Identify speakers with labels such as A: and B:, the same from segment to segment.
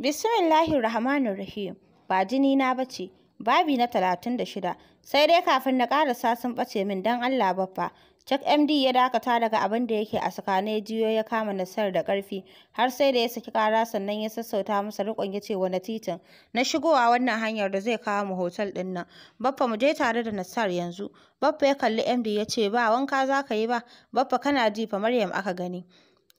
A: Bismillahir Rahmanir Rahim. Ba jini na bace. Babi na talatin da shida. Sai dai kafin na karasa sun bace min dan Allah baffa. Chuck MD ya dakata daga abin da yake a tsakanin jiyo ya kama Nasar da karfi har sai da ya saki kara sannan ya sassauta masa rikon ya ce wani titin na shigowa wannan hanyar da zai kawo mu hotel ɗin nan baffa mu je tare da Nasar yanzu baffa ya kalli MD ya ce ba wanka zaka yi ba baffa kana ji fa Maryam aka gani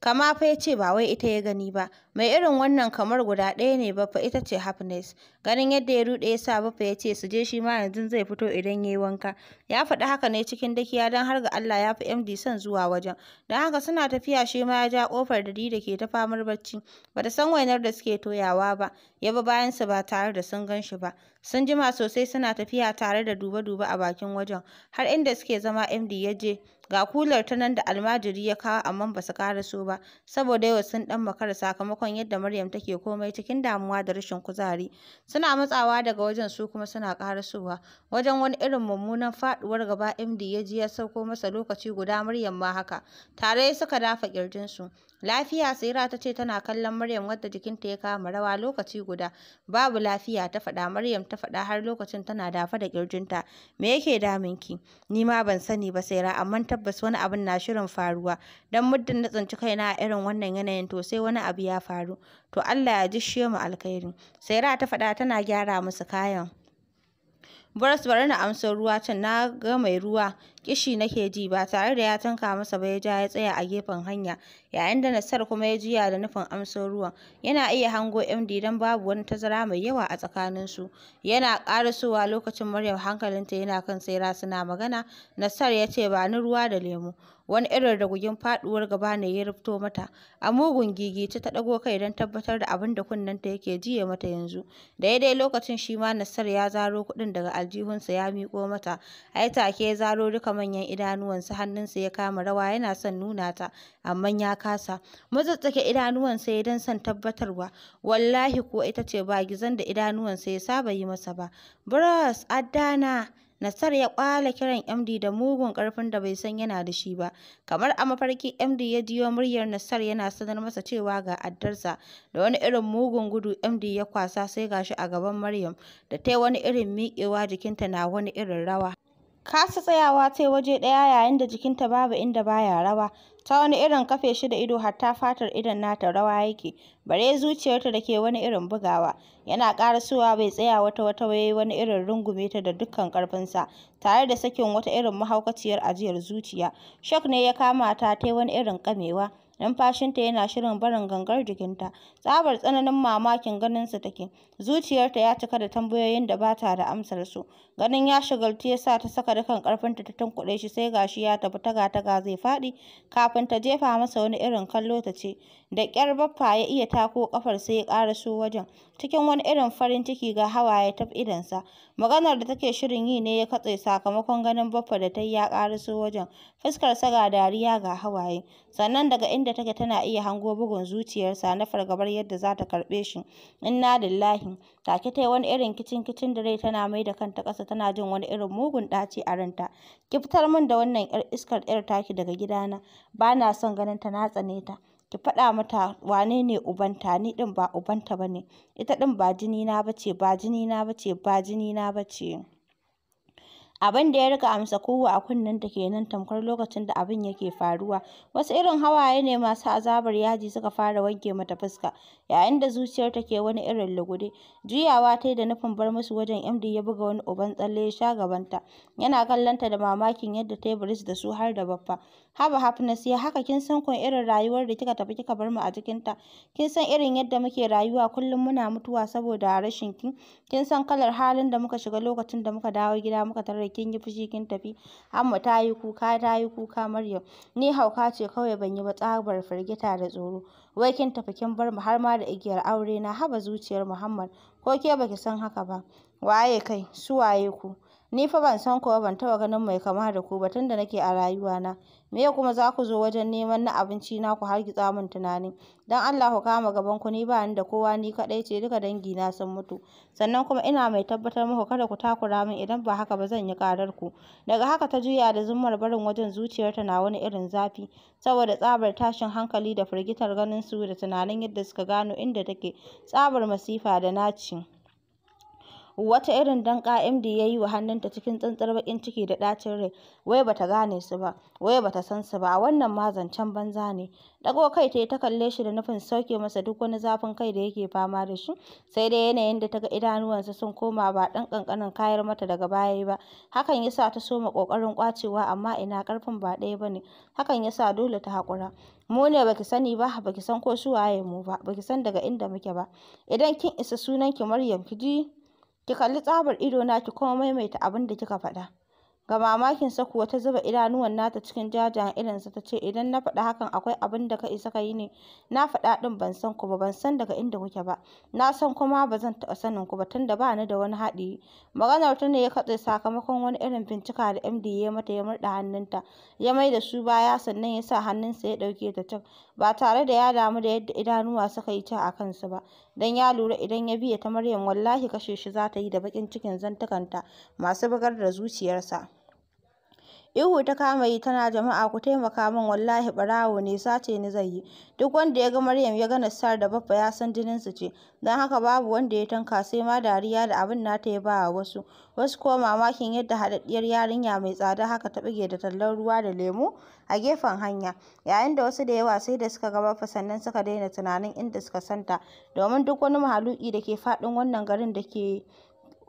A: Kama fa ya ce ba wai ita ya gani ba, mai irin wannan kamar guda ɗaya ne ba fa ita ce Happiness. Ganin yadda ya rude ya sa Baffa ya ce su je shi ma yanzu zai fito idan ya yi wanka. Ya faɗi haka ne cikin dakiya don har ga Allah ya fi MD son zuwa wajen. Don haka suna tafiya shi ma ya ja ƙofar da Dida ke ta famar bacci. Ba ta san wainar da suke toyawa ba, ya bi bayansu ba tare da sun gan shi ba. Sun jima sosai suna tafiya tare da duba-duba a bakin wajen, har inda suke zama MD ya je. Ga kular ta nan da almajiri ya kawo amma ba su so ba, saboda yau sun ɗan makara sakamakon yadda Maryam take komai cikin damuwa da rashin kuzari. Suna matsawa daga wajen su kuma suna ƙarasowa. Wajen wani irin mummunan faɗuwar gaba MD ya ji ya sauko masa lokaci guda Maryam ma haka. Tare suka dafa ƙirjinsu. Lafiya Saira ta ce tana kallon Maryam wadda jikinta ya kama rawa lokaci guda. Babu lafiya ta faɗa Maryam ta faɗa har lokacin tana dafa da kirjinta. Me yake daminki? Ni ma ban sani ba Saira amma tabbas wani abin na shirin faruwa. Dan muddin na tsinci kaina a irin wannan yanayin to sai wani abu ya faru. To Allah ya jishe mu alkhairi. Saira ta faɗa tana gyara musu kayan. Boris bari na amsa ruwa can na ga mai ruwa kishi nake ji ba tare da ya tanka masa ba ya ja ya tsaya a gefen hanya yayin da Nasar kuma ya jiya da nufin amsar ruwan yana iya hango MD dan babu wani tazara mai yawa a tsakanin su yana karasowa lokacin Maryam hankalinta yana kan tsira suna magana Nasar ya ce ba ni ruwa da lemu wani irin ragugin faduwar gaba ne ya rufto mata a mugun gigice ta dago kai don tabbatar da abin da kunnen ta yake jiye mata yanzu daidai lokacin shi ma Nasar ya zaro kuɗin daga aljihunsa ya miko mata ai take ya zaro duka saka manyan idanuwansa hannunsa ya kama rawa yana son nuna ta amma ya kasa mazattsake idanuwansa ya don son tabbatarwa wallahi ko ita ce ba gizan da idanuwansa ya saba yi masa ba bros addana Nasar ya kwala kiran MD da mugun karfin da bai san yana da shi ba. Kamar a mafarki MD ya jiyo muryar Nasar yana sanar masa cewa ga addarsa. Da wani irin mugun gudu MD ya kwasa sai gashi a gaban Maryam da ta wani irin miƙewa jikinta na wani irin rawa. kasa tsayawa sai waje ɗaya yayin da jikinta babu inda baya rawa ta wani irin kafe shi da ido hatta fatar idon nata rawa yake bare zuciyarta da ke wani irin bugawa yana ƙarasowa bai tsaya wata wata ba wani irin rungume ta da dukkan ƙarfinsa tare da sakin wata irin mahaukaciyar ajiyar zuciya shock ne ya kama ta tai wani irin ƙamewa numfashinta yana shirin barin gangar jikinta tsabar tsananin mamakin ganinsa take zuciyarta ya cika da tambayoyin da ba ta da amsar su ganin ya shigaltu ya sa ta saka dukan karfinta ta tunkuɗe shi sai gashi ya tafi taga taga zai faɗi kafin ta jefa masa wani irin kallo ta ce da ƙyar baffa ya iya tako kafar sai ya ƙaraso wajen cikin wani irin farin ciki ga hawaye ta idansa maganar da take shirin yi ne ya katse sakamakon ganin baffa da ta yi ya ƙaraso wajen fuskar sa ga dariya ga hawaye sannan daga inda inda take tana iya hango bugun zuciyarsa na fargabar yadda za ta karɓe shi. Inna lillahi. Take ta yi wani irin kicin-kicin da rai tana mai da kanta ƙasa tana jin wani irin mugun ɗaci a ranta. Ki fitar min da wannan 'yar iskar 'yar taki daga gidana. Ba na son ganin ta na tsane ta. ki faɗa mata wane ne ubanta ni ɗin ba ubanta ba ita ɗin ba jinina ba ce ba jinina ba ce ba jinina ba ce abin da ya rika amsa kowa a kunnen ta kenan tamkar lokacin da abin yake faruwa wasu irin hawaye ne masu azabar yaji suka fara wanke mata fuska yayin da zuciyar ke wani irin lugude juyawa ta da nufin bar musu wajen MD ya buga wani uban tsalle ya sha gabanta yana kallon ta da mamakin yadda ta yi da su har da baffa haba happiness ya haka kin san kun irin rayuwar da kika tafi kika bar mu a cikinta kin san irin yadda muke rayuwa kullum muna mutuwa saboda rashin kin kin san kalar halin da muka shiga lokacin da muka dawo gida muka tarar kin yi fushi kin tafi amma ta yi kuka ta yi kuka maryam ni hauka ce kawai ban yi ba tsabar firgita da tsoro wai kin tafi kin bar mu har ma da igiyar aure na haba zuciyar muhammad ko ke baki san haka ba waye kai su waye ku Ni fa ban san kowa ban taba ganin mai kama da ku ba tun da nake a rayuwana. Me ya kuma za ku zo wajen neman na abinci na ku hargitsa min tunani? dan Allah ku kama gaban ku, ni ba ni da kowa, ni kadai ce, duka dangi na sun mutu. Sannan kuma ina mai tabbatar muku kada ku takura min, idan ba haka ba zan yi karar ku. Daga haka ta juya da zummar barin wajen zuciyar ta na wani irin zafi, saboda tsabar tashin hankali da firgitar su da tunanin yadda suka gano inda take, tsabar masifa da naci. Wata irin danƙa MD ya yi wa hannunta cikin tsantsar baƙin ciki da ɗacin rai. Wai bata gane su ba, wai bata san su ba, A wannan ma zancen banza ne. Ɗago kai ta yi ta kalle shi da nufin sauke masa duk wani zafin kai da yake fama da shi. Sai dai yanayin da ta ga idanuwansa sun koma ba ɗan ƙanƙanin kayar mata daga baya ba. Hakan ya sa ta soma ƙoƙarin ƙwacewa amma ina ƙarfin ba ɗaya ba ne. Hakan ya sa dole ta haƙura. mu ne baki sani ba baki san ko su waye mu ba baki san daga inda muke ba idan kin isa sunan ki Maryam ki ji ki kalli tsabar ido na ki kuma maimaita abin da kika faɗa. Ga sa kuwa ta zuba idanuwan nata cikin jajayen idonsa ta ce idan na faɗa hakan akwai abin da ka isa ka yi ne. Na faɗa ɗin ban san ku ba ban san daga inda kuke ba. Na san kuma ba zan taɓa sanin ku ba tunda ba ni da wani haɗi. Maganar ta ne ya katse sakamakon wani irin bincika da MD ya mata ya murɗa hannunta. Ya mai da su baya sannan ya sa hannunsa ya ɗauke ta can. ba tare da ya damu da yadda idanuwa suka yi ta a kansu ba don ya lura idan ya biya ta Maryam wallahi kashe shi za ta yi da baƙin cikin zantakanta masu bugar da zuciyarsa Ihu ta kama yi tana jama'a ku taimaka min wallahi barawo ne sace ni zai yi. Duk wanda ya ga Maryam ya ga Nassar da Baffa ya san jininsu ce, don haka babu wanda ya tanka sai ma dariya da abin nata ya ba wasu, wasu ko mamakin yadda haɗaɗɗiyar yarinya mai tsada haka ta buge da tallar ruwa da lemo a gefen hanya, yayin da wasu da yawa sai da suka ga Baffa sannan suka daina tunanin inda suka santa, domin duk wani mahaluki da ke faɗin wannan garin da ke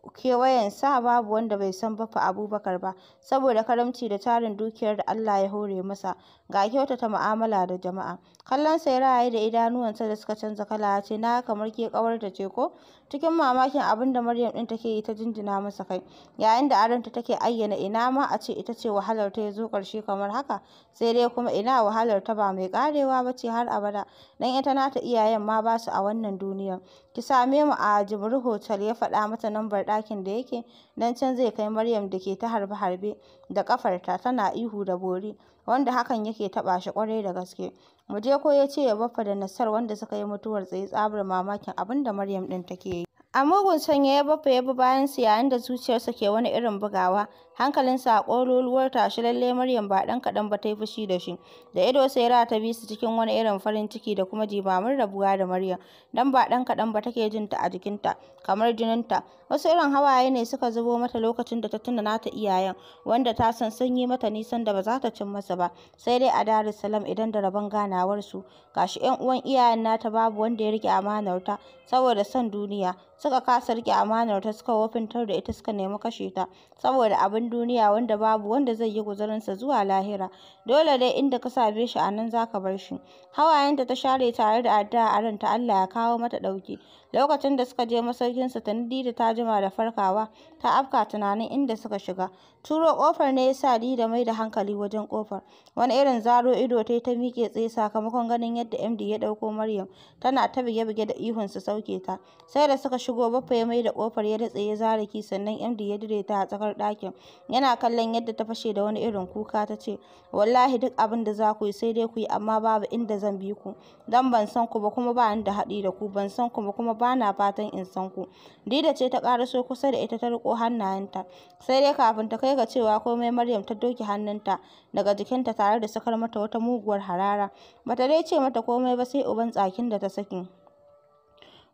A: kewayensa babu wanda bai san fa Abubakar ba, saboda karamci da tarin dukiyar da Allah ya hore masa, ga kyautata mu'amala da jama'a. kallon ya raye da idanuwansa da suka canza kala ya ce, na kamar ke kawar ce ko? Cikin mamakin abin da Maryam ɗin take yi ta jinjina masa kai, yayin da aranta take ayyana ina ma a ce ita ce wahalar ta ya zo ƙarshe kamar haka, sai dai kuma ina wahalar ta ba mai karewa ba ce har abada, don ita na ta iyayen ma ba su a wannan duniyar. Ki same mu a jibril Hotel ya faɗa mata nambar ɗakin da yake, don can zai kai Maryam da ke ta harbe-harbe da ƙafarta tana ihu da bori, wanda hakan yake taɓa shi ƙwarai da gaske. mu je ko ya ce ya Baffa da Nassar wanda suka yi mutuwar tsaye tsabar mamakin abin da Maryam ɗin take yi. A mugun sanya ya yaba yaba bayansa yayin da zuciyarsa ke wani irin bugawa, hankalinsa a ƙololuwar tashi lalle Maryam ba ɗan kaɗan ba ta yi fushi da shi, da ido sai ra ta bi su cikin wani irin farin ciki da kuma jimamin rabuwa da Maryam, don ba ɗan kaɗan ba take jin ta a jikinta, kamar jininta. Wasu irin hawaye ne suka zubo mata lokacin da ta tuna nata iyayen, wanda ta san sun yi mata nisan da ba za ta cin masa ba, sai dai a Dar es Salaam idan da rabon ganawarsu, gashi 'yan uwan iyayen nata babu wanda ya riƙe amanarta, saboda son duniya. suka kasa rike amanar ta suka wofintar da ita suka nemi kashe ta saboda abin duniya wanda babu wanda zai yi guzurinsa zuwa lahira dole dai inda ka same shi a nan za ka bar shi hawayenta ta share tare da addu'a a ranta Allah ya kawo mata ɗauki lokacin da suka je masaukin ta nidi da ta jima da farkawa ta afka tunanin inda suka shiga. Turo kofar ne ya sa Lida mai da hankali wajen kofar Wani irin zaro ido ta ta miƙe tsaye sakamakon ganin yadda MD ya ɗauko Maryam. Tana ta bige-bige da ihun su sauke ta. Sai da suka shigo Baffa ya mai da kofar ya datse ya zare ki sannan MD ya dire ta a tsakar ɗakin. Yana kallon yadda ta fashe da wani irin kuka ta ce, Wallahi duk abin da za ku yi sai dai ku yi amma babu inda zan bi ku. Dan ban san ku ba kuma ba ni da haɗi da ku ban san ku ba kuma ba na fatan in san ku. Dida ce ta ƙaraso kusa da ita ta riƙo ko hannayenta sai dai kafin ta kai ga cewa komai Maryam ta doke hannunta daga jikinta tare da sakar mata wata muguwar harara bata dai ce mata komai ba sai uban tsakin da ta saki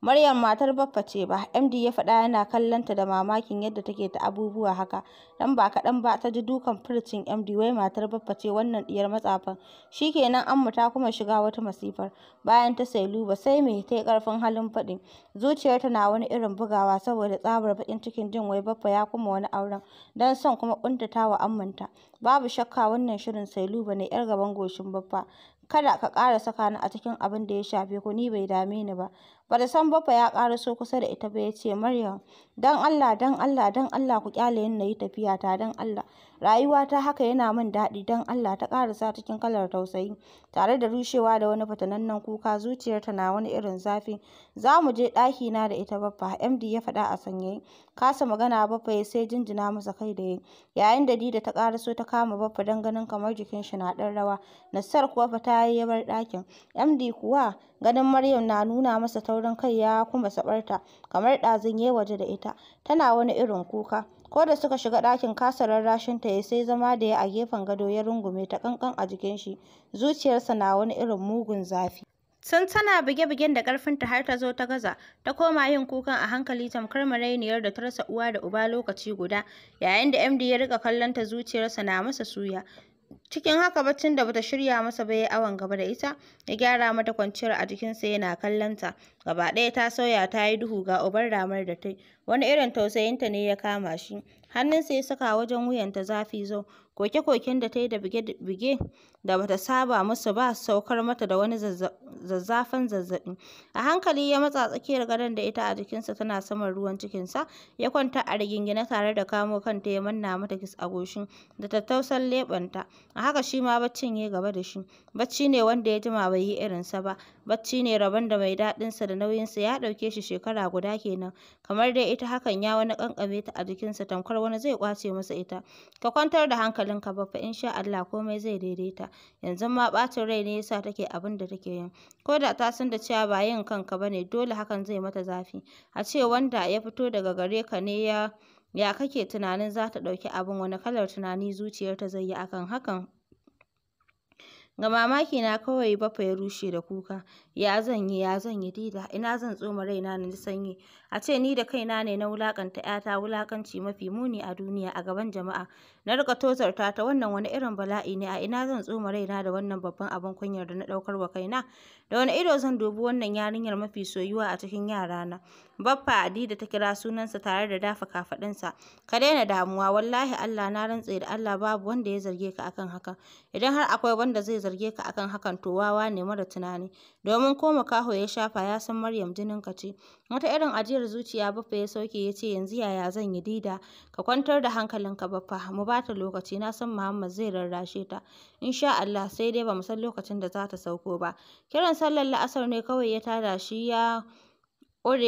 A: Maryam matar Baffa ce ba, MD ya faɗa yana kallon ta da mamakin yadda take ta abubuwa haka. Dan ba kaɗan ba ta ji dukan furcin MD wai matar Baffa ce wannan diyar matsafan. Shikenan Amma ta kuma shiga wata masifar. Bayan ta sai luba sai me ta yi ƙarfin halin faɗi. Zuciyarta na wani irin bugawa saboda tsabar baƙin cikin jin wai Baffa ya kuma wani auren. Dan son kuma ƙuntatawa Ammanta. Babu shakka wannan shirin sai luba ne 'yar gaban goshin Baffa. kada ka ƙara saka ni a cikin abin da ya shafe ku ni bai dame ni ba ba da san bafa ya ƙaraso kusa da ita ba ya ce maryam don allah don allah don allah ku kyale yin na yi tafiya ta don allah rayuwa ta haka yana min daɗi don allah ta ƙarasa cikin kalar tausayi tare da rushewa da wani fatanannen kuka zuciyarta na wani irin zafi za mu je ɗaki na da ita baffa md ya faɗa a sanye kasa magana baffa ya sai jinjina masa kai da yayi yayin da dida ta ƙaraso ta kama baffa don ganin kamar jikin shi na ɗan rawa nassar kuwa fa ta ya bar ɗakin md kuwa Ganin Maryam na nuna masa taurin kai ya kuma sabarta kamar ɗazun ya waje da ita. Tana wani irin kuka. Ko da suka shiga ɗakin kasa ta ya sai zama da ya a gefen gado ya rungume ta ƙanƙan a jikin shi. Zuciyarsa na wani irin mugun zafi. sun tana buge-bugen da ƙarfinta har ta zo ta gaza, ta koma yin kukan a hankali tamkar marainiyar da ta rasa uwa da uba lokaci guda, yayin da MD ya rika kallon ta zuciyarsa na masa suya. cikin haka baccin da bata shirya masa ba yayi awon gaba da ita ya gyara mata kwanciyar a jikin sa yana kallon ta gaba ɗaya ta sauya ta yi duhu ga uban ramar da ta wani irin tausayinta ne ya kama shi hannunsa ya saka wajen wuyanta zafi zau Koke-koken da ta yi da buge bige da ba ta saba musu ba saukar mata da wani zazzafan zazzaɓi. A hankali ya matsa tsakiyar gadon da ita a jikinsa tana saman ruwan cikinsa, ya kwanta a rigingine tare da kamo kanta ya manna mata kis a goshin da tattausan ta. A haka shi ma baccin ya gaba da shi. Bacci ne wanda ya jima bai yi irinsa ba. Bacci ne rabon da mai daɗinsa da nauyinsa ya ɗauke shi shekara guda kenan. Kamar dai ita hakan ya wani ƙanƙame ta a jikinsa tamkar wani zai kwace masa ita. Ka kwantar da hankali hankalinka ba fa insha Allah komai zai daidaita yanzu ma bacin rai ne yasa take abin da take yin ko da ta san da cewa ba yin kanka bane dole hakan zai mata zafi a ce wanda ya fito daga gare ka ne ya ya kake tunanin za ta ɗauki abin wani kalar tunani zuciyarta zai yi akan hakan Ga na kawai Baffa ya rushe da kuka, “Ya zan ya zan Dida, ina zan tsoma raina na ji sanyi, a ce ni da kaina ne na wulakanta ‘yata wulakanci mafi muni a duniya a gaban jama'a, na rika tozarta ta, wannan wani irin bala'i ne, a ina zan tsoma raina da wannan babban abin kunyar da na ɗaukar wa kaina, da wani ido zan dubi wannan yarinyar mafi soyuwa a cikin yarana?” Baffa Dida ta kira sunansa tare da dafa kafaɗinsa. “ka daina damuwa, wallahi Allah na rantse da Allah babu wanda ya zarge ka akan haka Idan har akwai wanda zai zarge ka akan hakan to wawa ne mara tunani. Domin ko makaho ya shafa ya san Maryam jininka ce. Wata irin ajiyar zuciya Baffa ya sauke ya ce yanzu yaya zan yi Dida? Ka kwantar da hankalin ka Baffa, mu ba ta lokaci na san Muhammad zai rarrashe ta. Insha Allah sai dai ba mu san lokacin da za ta sauko ba. Kiran sallar la'asar ne kawai ya tada shi ya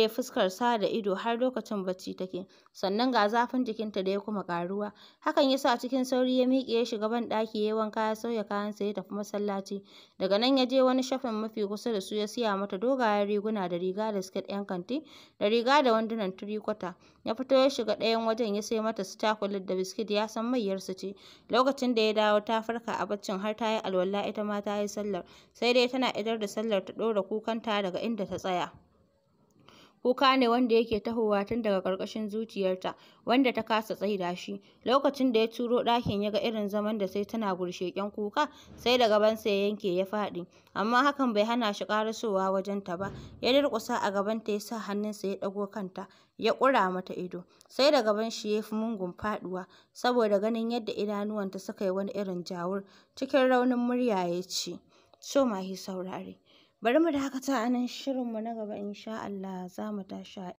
A: fuskar sa da ido har lokacin bacci take, sannan ga zafin jikinta da ya kuma ƙaruwa. Hakan ya sa cikin sauri ya miƙe ya shiga banɗaki ya yi wanka ya sauya kayansa ya tafi masallaci. Daga nan ya je wani shafin mafi kusa da su ya siya mata dogayen riguna da riga da siket ‘yan kanti da riga da wandunan turikwata. Ya fito ya shiga ɗayan wajen ya sai mata su cakulet da biskit ya san mayyarsu ce. Lokacin da ya dawo ta farka a baccin har ta yi alwala ita ma ta yi sallar, sai dai tana idar da sallar ta ɗora kukanta daga inda ta tsaya. Kuka ne wanda yake tahowa tun daga ƙarƙashin zuciyarta, wanda ta kasa tsaida shi. Lokacin da ya turo ɗakin ya ga irin zaman da sai tana gursheƙen kuka, sai da gabansa ya yanke ya faɗi. Amma hakan bai hana shi ƙarasowa ta ba. Ya durƙusa a gaban ta ya sa hannunsa ya ɗago kanta, ya ƙura mata ido. Sai da shi ya fi mungun faɗuwa, saboda ganin yadda idanuwanta suka yi wani irin jawur. Cikin raunin murya ya ce, So mahi saurare. Bari mu dakata a nan, shirinmu na gaba insha Allah za mu tashi